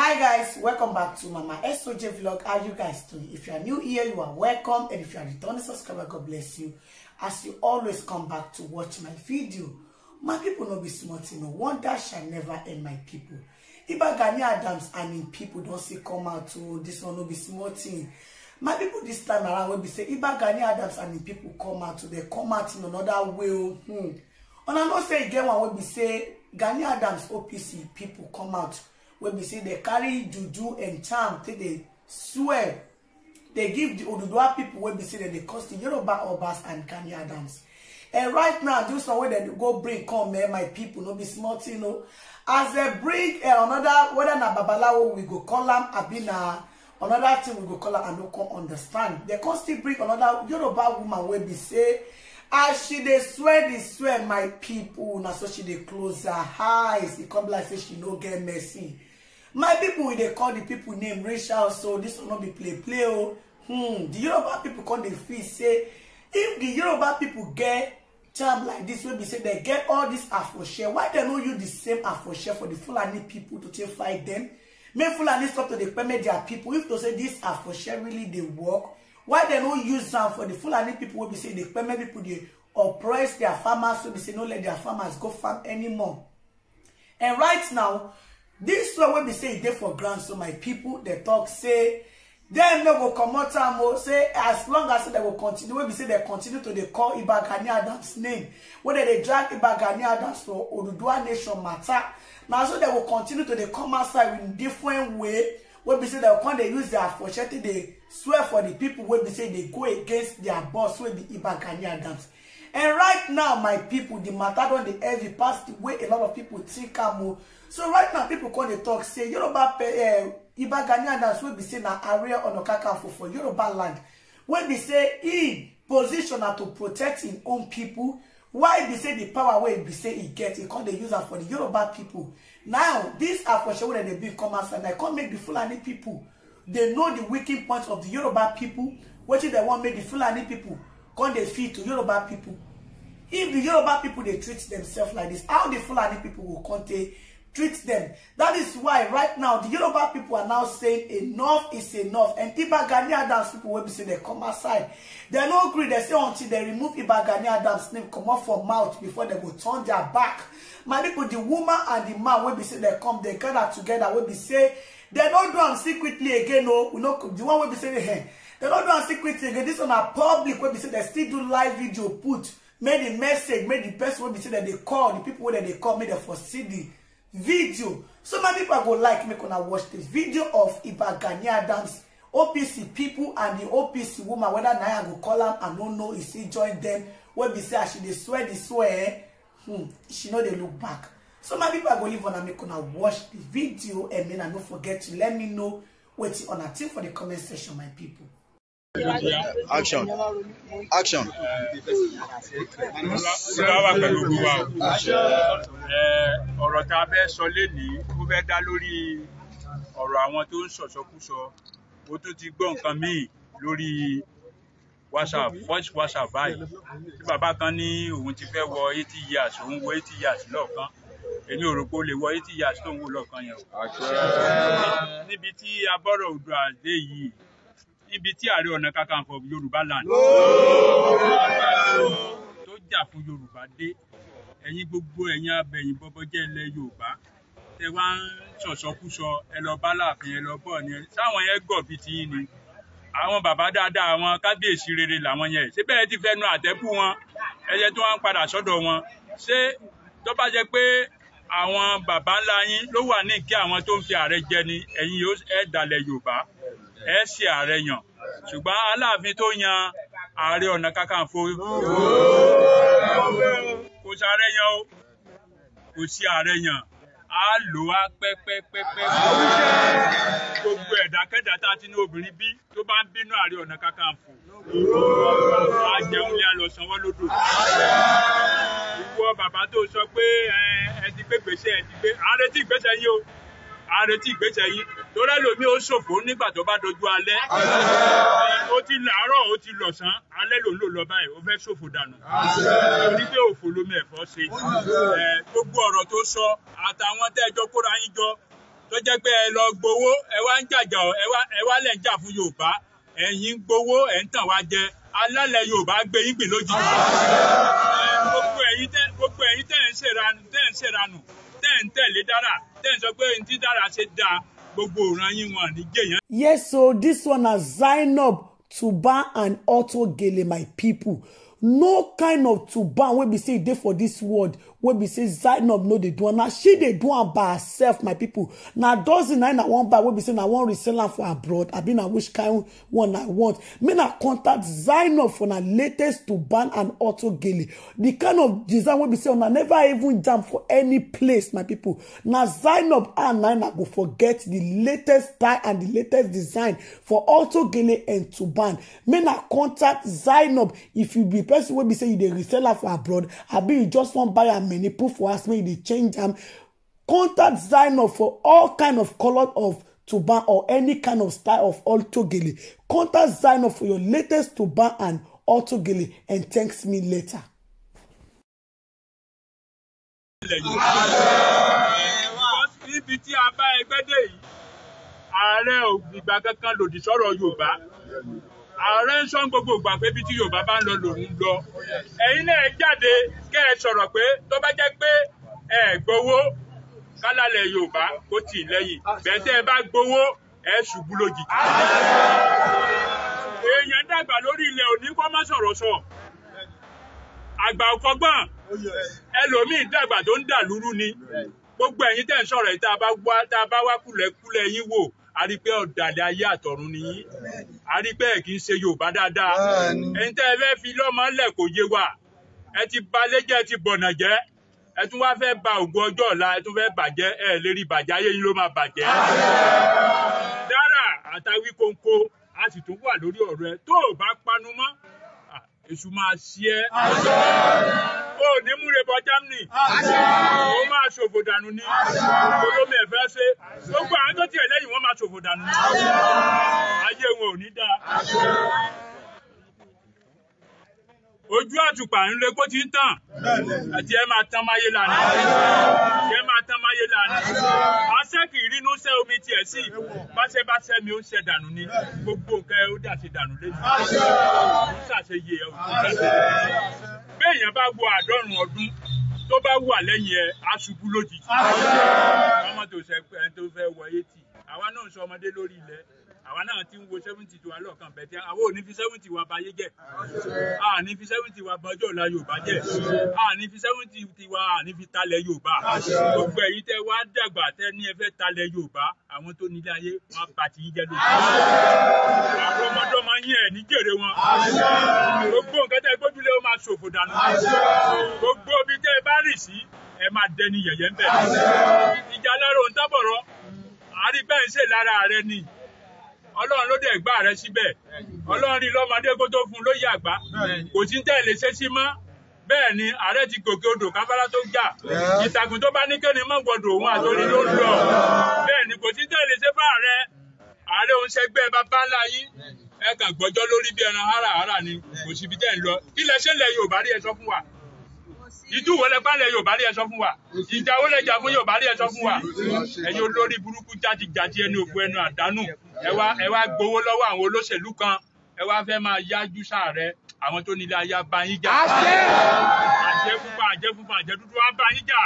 hi guys welcome back to mama soj vlog how you guys doing if you are new here you are welcome and if you are returning subscriber god bless you as you always come back to watch my video my people no be small thing no wonder shall never end my people Iba Gani Adams I mean, people don't see come out to this one no be small my people this time around wey be say Iba Gani Adams I mean, people come out to they come out in another way oh, hmm and I'm not saying again one wey be say Gani Adams OPC people come out wey be say dem carry juju and charm take dey swear dey give the oduduwa people wey be say dem dey cost di yoruba obas and kani adams and right now dis one wey dem go bring come eh, my people, no be small tin o as dem bring eh, another whether na babalawo we go call am abi na another thing we go call her i no come understand dem come still bring another yoruba woman wey be say as she dey swear dey swear my people na so she dey close her eyes e come be like say she no get mercy my people we dey call the people name racial so this one no be play play o hmm the yoruba people come dey feel say if the yoruba people get charm like this wey be say they get all this afoshare why they no use the same afoshare for the fulani people to take fight them? make fulani stop to dey permit their people if to say this afoshare really dey work why they no use am for the fulani people wey be say dey permit people dey oppress their farmers wey be say no let their farmers go farm anymore and right now This one wey be say e for ground so my people. They talk say dem no will come out. o say as long as they will continue we be say they continue to dey call ibagani adams name wey they dey drag ibagani adams for oduduwa nation matter Now so they will continue to dey come outside in different way We be say dem come they use their fortune they swear for the people. We be say they go against their boss wey be ibagani adams and right now my people, the matter don the heavy past the way a lot of people think am o so right now people come dey talk say yoruba eh, iba ghanaian dance wey be say na area onokakafo for yoruba land When they say e position to protect his own people, why they say the power wey be say he gets he con dey use am for the yoruba people. now dis apostle wey dem dey come outside na can't make the fulani people. They know the weakening point of the yoruba people. pipo is the one make the fulani people con dey feed to yoruba people? if the yoruba people they treat themselves like this, how the fulani people will con take treat them. That is why right now the Yoruba people are now saying enough is enough. And Iba Gani Adams people will be saying they come aside. They not agree. They say until they remove Iba Gani Adams name come off from mouth before they go turn their back. My people, the woman and the man will be saying they come, they gather together, will be say they no do am secretly again. No, we know the one will be saying hey, eh, they no do am secretly again. This one a public will be saying they still do live video put. made the message, made the person will be saying that they call, the people that they call, make the for see video so many pipo go like make una watch dis video of ibagani adams opc people and the opc woman Whether Naya go call am and no know e still join them. When be say as she dey swear they swear eh, hmm she know they look back so my pipo go leave on make una watch the video and then i don't forget to let me know wetin una think for the comment section my people. Action! wà pẹ̀lú gbogbo o. Ọ̀rọ̀ tá a fẹ́ sọ lénìí, ó fẹ́ dá lórí ọ̀rọ̀ àwọn tó ń sọ̀sọkúsọ. Ó tún ti gbọ́ nǹkan míì lórí WhatsApp, voice WhatsApp báyìí. Tí bàbá kan ní òun ti fẹ́ wọ eighty years, òun wọ eighty years lọ́ọ̀kan. Èmi ò rò pé ó lè wọ eighty years tó ń wò lọ́ọ̀kan yẹn o. Níbi tí abọ́rọ̀ odò àdé yìí níbi tí ààrẹ ọ̀nà kakanfò yorùbá land tó jà fún yorùbá dé ẹ̀yin gbogbo ẹ̀yin abẹ̀yìn bọ́bọ́jẹ́ ilẹ̀ yorùbá tẹ wá ń sọ̀sọ́kúsọ ẹ lọ bá láàfin ẹ lọ bọ̀ ni sáwọn yẹn gọ̀ bíi tiyín ni àwọn bàbá dáadáa wọn kábíyèsí rere làwọn yẹn ṣé bẹ́ẹ̀ ti fẹnu àtẹ́kù wọn ẹyẹ tí wọ́n ń padà sọ́dọ̀ wọn ṣé tó bá jẹ́ pé àwọn bàbá ńlá yín ló wà ní kí àwọn tó ń fi ààrẹ jẹ ni ẹ̀yin yóò ẹ̀ dalẹ̀ yorùbá ẹ ṣe ààrẹ yàn ṣùgbọ́n aláàfin tó yan ààrẹ ọ̀nà kakanfò kò sààrẹ yàn o kò sí ààrẹ yàn á lò á pẹ́pẹ́pẹ́pẹ́ gbogbo ẹ̀dákẹ́dá tá a ti ní obìnrin bí tó bá ń bínú ààrẹ ọ̀nà kakanfò á jẹun lé alọ sanwó lódò ìwọ bàbá tó sọ pé ẹ ti gbé gbèsè ẹ ti gbé ààrẹ tí gbèsè yìí o àrètí ìgbésẹ̀ yín torí ẹlòmíì ó ṣòfò nígbà tó bá dojú alẹ́. ó ti làárọ̀ ó ti lọ̀sán alẹ́ ló ń lò lọ báyìí ó fẹ́ ṣòfò dànù. torí pé òfò lomi ẹ̀fọ́ ṣe. gbogbo ọ̀rọ̀ tó sọ àtàwọn tẹ́ ẹ jọ kóra yín jọ tó jẹ́ pé ẹ lọ gbowó ẹ wá ń jàjà ọ ẹ wá lẹ̀ ń jà fún Yorùbá ẹ̀yin gbowó ẹ̀ ń tàn wá jẹ alálẹ̀ Yorùbá gbé yín gbìn lójijì. gbogbo ẹ̀yin tẹ́ ń ṣèranù tẹ́ ń tẹ̀lé dára tẹ́ ń sọ pé ní dára ṣe dáa gbogbo ìran yín wọn ní jẹyàn. yes o so this one na Zainab Tuba and Auto Gele my people no kind of tuban wey be say e dey for dis world wey be say zainab no dey do am na she dey do am by herself my pipo na dozen na i wan buy wey be say na wan resell am for abroad i na which kind one i want make na contact zainab for na latest tuban and auto gele The kind of design wey be say una never even jam for any place my pipo na zainab and na go forget the latest tie and the latest design for auto gele and tuban make na contact zainab if you be person wey be saying you the reseller for abroad abi you just one buyer. am many e proof for house make you change them. contact zainab for all kind of color of turban or any kind of style of altogele contact zainab for your latest turban and altogele and thanks me later. ààrẹ ò kankan lòdì sọ́rọ̀ Yorùbá ààrẹ ń sọ gbogbo ìgbà pé bí tí yorùbá bá ń lọ lòun lọ ẹ̀yin náà jáde kẹ́ ẹ sọ̀rọ̀ pé tó bá jẹ́ pé ẹ gbowó kálálẹ̀ yorùbá kó tì lẹ́yìn bẹ́ẹ̀ tẹ́ ẹ bá gbowó ẹ ṣubú lójijì. èèyàn dàgbà lórí ilẹ̀ òní kó má sọ̀rọ̀ sọ àgbà ọkọgbọ́n ẹlòmíì dàgbà tó ń dà lúrú ni gbogbo ẹ̀yin tẹ́ ń sọ̀rọ̀ yìí tá a bá wá kulẹ̀kulẹ̀ yín wò a rí pé ọ̀dàlẹ̀ ayé àtọ̀run ni yín a rí pé kì í ṣe Yorùbá dáadáa ẹni tẹ́ ẹ fẹ́ fi lọ́mọ lẹ̀ kò yé wa ẹ ti balẹ̀ jẹ́ ẹ ti bọ̀nà jẹ́ ẹ tún wá fẹ́ ba ògùn ọjọ́ ọ̀la ẹ tún fẹ́ bàjẹ́ ẹ lè rí bàjẹ́ ayé yín ló máa bàjẹ́ Dara àtàwí kóńkó a sì tún wà lórí ọ̀rọ̀ ẹ tó o bá panu mọ́ Èṣù máa ṣí ẹ́. Àṣẹ. Ó ní múre bọ Germany. Àṣẹ. Ó máa ṣòfò dànù ni. Àṣẹ. Olómi ẹ̀fẹ́ ṣe. Gbogbo àwọn tó tiẹ̀ lẹ́yìn wọ́n máa ṣòfò dànù ni. Ayé wọn ò ní dáa ojú àtùpà ń lé kó ti ń tàn àti ẹ máa tán máyé lànà àti ẹ máa tán máyé lànà àṣẹ kì í rínú sẹ omi tiẹ̀ sí báṣẹ bá sẹ mi ó ń ṣe dànù ni gbogbo nǹkan ó dà ṣe dànù lé ní ṣàṣeyẹ ẹ ò ní ṣàṣeyẹ béèyàn bá wọ àádọ́rùn ọdún tó bá wà lẹ́yìn ẹ aṣubú lójijì ọmọ tó fẹ́ wọ etí àwa náà ń sọ ọmọdé lórí ilẹ̀ àwa náà ti ń wo seventy tiwa lọ́ọ̀kan bẹ̀tì àwa ò ní fi seventy wa bayé jẹ́ a ní fi seventy wa bọ́jọ́ ọ̀la Yorùbá jẹ́ a ní fi seventy wa a ní fi talẹ̀ Yorùbá gbogbo ẹ̀yin tẹ́ wá dàgbà tẹ́ ní ẹ fẹ́ talẹ̀ Yorùbá àwọn tó nílé ayé wọn bá ti yín jẹ́ lójú àwọn ọmọdé máa ń yín ẹ̀ ní jèrè wọn gbogbo nǹkan tẹ́ gbójúlé ó máa ṣòfò dànù gbogbo ibi tẹ́ bá rì sí ẹ máa dẹni yẹ̀yẹ́ ń bẹ̀ ìjà lẹ́rọ̀ tábọ̀rọ̀ àrígbẹ́ ń ṣe lára rẹ ni ọlọ́run ló dẹ̀ gbá rẹ síbẹ̀ ọlọ́run rí lọ́mọdé kó tó fún un lóye àgbá kò sí tẹ́ lè ṣe sí mọ́ bẹ́ẹ̀ ni ààrẹ ti gòkè odò káfárá tó jà ìtàkùn tó bá ní kéde mọ́ gbọdọ̀ òun àtòrí ló ń lọ bẹ́ẹ̀ ni kò sí tẹ́ lè ṣe fún ààrẹ ààrẹ òun ṣẹgbẹ́ bàbá ńlá yín ẹ kàn gbọ́jọ́ lórí bí ẹran háràhárà ni kò síbi tẹ́ ń lọ kí lẹ ṣe lẹ rí ẹ sọ fún wa ìtú wo lẹ gbálẹ̀ Yorùbá rí ẹ sọ fún wa ìjà wo lẹ jà fún Yorùbá rí ẹ sọ fún wa ẹ̀yin olórí burúkú jáde jáde ẹnu òfu ẹnu àdánù ẹ wá ẹ wá gbowó lọ́wọ́ àwọn olóṣèlú kan ẹ wá fẹ́ máa yájú sàárẹ àwọn tó nílé ayé abayín jà àjẹ pupa àjẹ pupa àjẹ dúdú abayín jà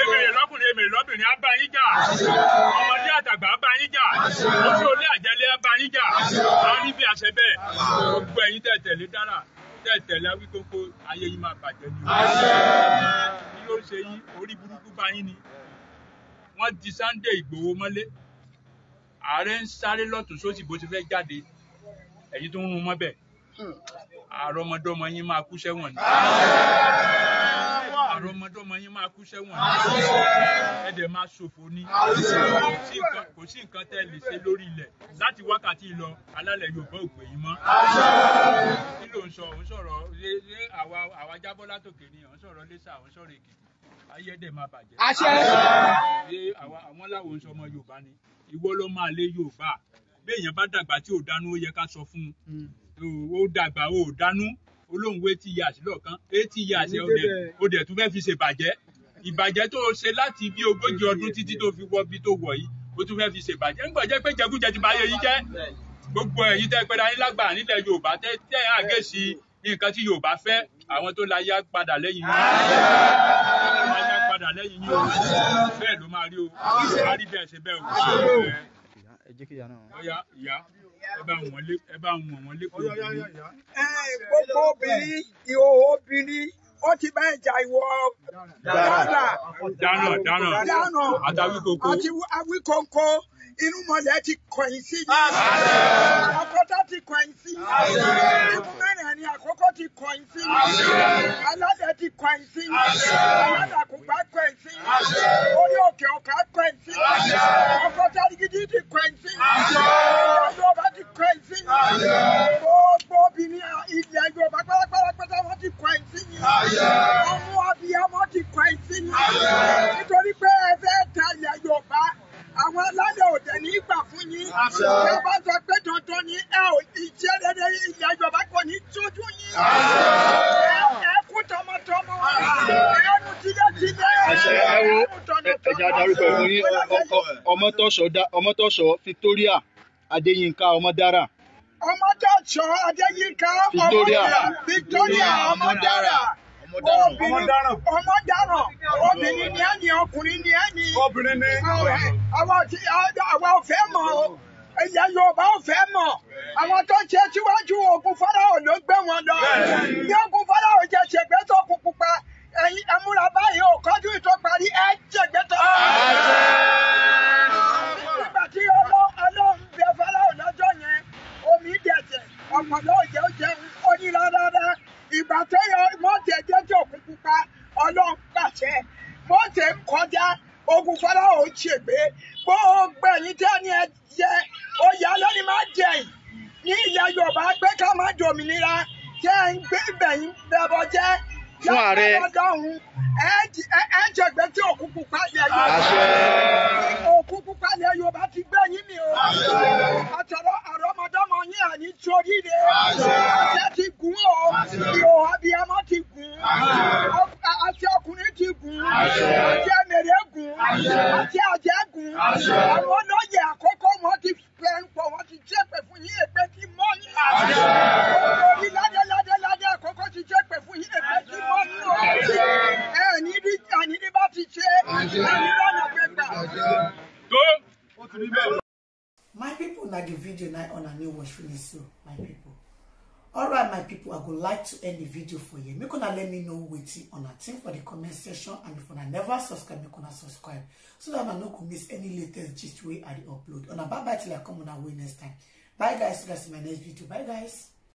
èmèrè lọ́kùnrin èmèrè lọ́bìnrin abayín jà ọmọdé àtàgbà abayín jà ojú olé àjẹlé abayín jà wọn rí bí àṣẹ bẹ́ẹ̀ gbogbo ẹ̀yin tẹtẹlé dára tẹ̀ tẹ̀lé wí kókó ayé yìí máa bàjẹ́ ni. àṣẹ. yóò ṣe yí orí burúkú bá ni wọ́n di Sunday Ìgbòho mọ́lé ààrẹ ń sáré lọ́tún sósì bó ti fẹ́ jáde ẹ̀yin tó ń rún mọ́ bẹ́ẹ̀ hmm. àrọ́mọdọ́mọ yín máa kú sẹ́wọ̀n ni ọmọdọ́mọ yín máa kú sẹ́wọ̀n ẹ dẹ̀ máa ṣòfò ni kò sí nǹkan tẹ́ lè ṣe lórí ilẹ̀ láti wákàtí lọ alálẹ̀ Yorùbá ò pè yín mọ́ kí ló ń sọ òun sọ̀rọ̀ lé àwa àwa jábọ́ látòkè ni òun sọ̀rọ̀ lẹ́sà òun sọ̀rọ̀ Èkìtì ayé dẹ̀ máa bàjẹ́. àṣẹ. àwọn làwọn ń sọ ọmọ Yorùbá ni ìwọ ló máa lé Yorùbá béèyàn bá dàgbà tí ò dánú ó yẹ ká sọ fún un hmm. ó dàgbà ó dánú olóhùn wo eighty years lọ́ọ̀kan eighty years ọ̀dẹ̀ ọ̀dẹ̀ tó fẹ́ fi ṣe bàjẹ́ ìbàjẹ́ tó ṣe láti bí ogójì ọdún títí tó fi wọ́ bí tó wọ̀ yìí ó tún fẹ́ fi ṣe bàjẹ́ ń gbọ̀jẹ́ pé jẹkújẹ ti báyé yìí jẹ́ gbogbo ẹ̀yin tẹ́ pẹ́ra yín lágbà nílẹ̀ Yorùbá tẹ́ tẹ́ àgẹ́sì nǹkan tí Yorùbá fẹ́ àwọn tó láyé padà lẹ́yìn yín padà lẹ́yìn yín o bẹ́ẹ̀ ló máa rí o a rí bẹ́ẹ̀ ṣe bẹ́ẹ̀ o. ìyá ẹ jẹ́ kí ìyá náà. ọ̀ya ìyá ẹ bá ń wọ̀n wọ́n lẹ́kọ̀ọ́ obìnrin. gbogbo obìnrin ìhòòhò obìnrin ó ti bá ìjà ìwọ dára dáná dáná àtàwí koko àti àwí koko inú mọ̀lẹ́ ti kọ̀yìn sí ní àkọ́tà ti kọ̀yìn sí ní ìlú mẹ́rin ni àkọ́kọ́ ti kọ̀yìn sí ní aládẹ ti kọ̀yìn sí ní aládàkùnbá kọ̀yìn sí ní orí òkè ọ̀ká kọ̀yìn sí ní ọkọ̀ gidi ti kọ̀yìn sí ní kọ ẹ̀sìn yìí. Gbogbo obìnrin ilẹ̀ Yorùbá pátápátá wọ́n ti kọ ẹ̀sìn yìí. Ọmọ abiyamọ ti kọ ẹ̀sìn yìí. Nítorí pé ẹ fẹ́ ta ilẹ̀ Yorùbá àwọn alálẹ̀ òde ní ìgbà fún yín. Ṣé bá sọ pé dandan ni ẹ ò ìṣe dédé ilẹ̀ ìjọba kò ní tójú yín? Ẹ kú tọmọtọmọ, ẹnu tílétílé, ẹnu tọ̀nàtọ̀nà. Ẹja darúgbó ìwé ọmọtọ̀ṣọ́ Victoria. Adéyínká Ọmọdára. Ọmọdàjọ́ Adéyínká Victoria Victoria Ọmọdára. Ọmọdáràn Ọmọdáràn obìnrin ni ẹ́ ní ọkùnrin ni ẹ́ ní. Obìnrin ni. Àwa ò fẹ́ mọ̀ o ẹ̀yà Yorùbá ò fẹ́ mọ̀ àwọn tó ṣe síwájú ogun Fáráò ló gbé wọn lọ ní ogun Fáráò jẹ ṣègbè tó kú pupa ẹ̀yin ẹ̀múra báyìí ò kọ́jú ìtọ́ parí ẹ̀ ṣègbè tó. ọ̀pọ̀lọ́ òjẹ́ òjẹ́ oní rárá ìgbà tó yọ mọ́tì ẹ̀jẹ̀ tí òkú pupa ọlọ́run pàṣẹ mọ́tì ń kọjá ogun fọláhùn ń ṣègbè gbogbo ẹ̀yìn tí ẹni ẹ jẹ oyè alọ́ni máa jẹ yìí ní ilẹ̀ Yorùbá pé ká má dòmìnira jẹ́ ń gbé bẹ̀yìn bẹ̀bọ̀ jẹ́ fún ààrẹ ẹ jẹgbẹ́ tí òkú pupa ilẹ̀ òkú pupa ilẹ̀ Yorùbá ti gbẹ̀yìn mi o. Joride, let him go. video now on a new watch finish so my people all my people i would like to end the video for you make gonna let me know wetin una think for the comment section and if una never subscribe make gonna subscribe so that I no go miss any latest gist wey i dey upload una bye bye till i come una way next time bye guys see you guys in my next video bye guys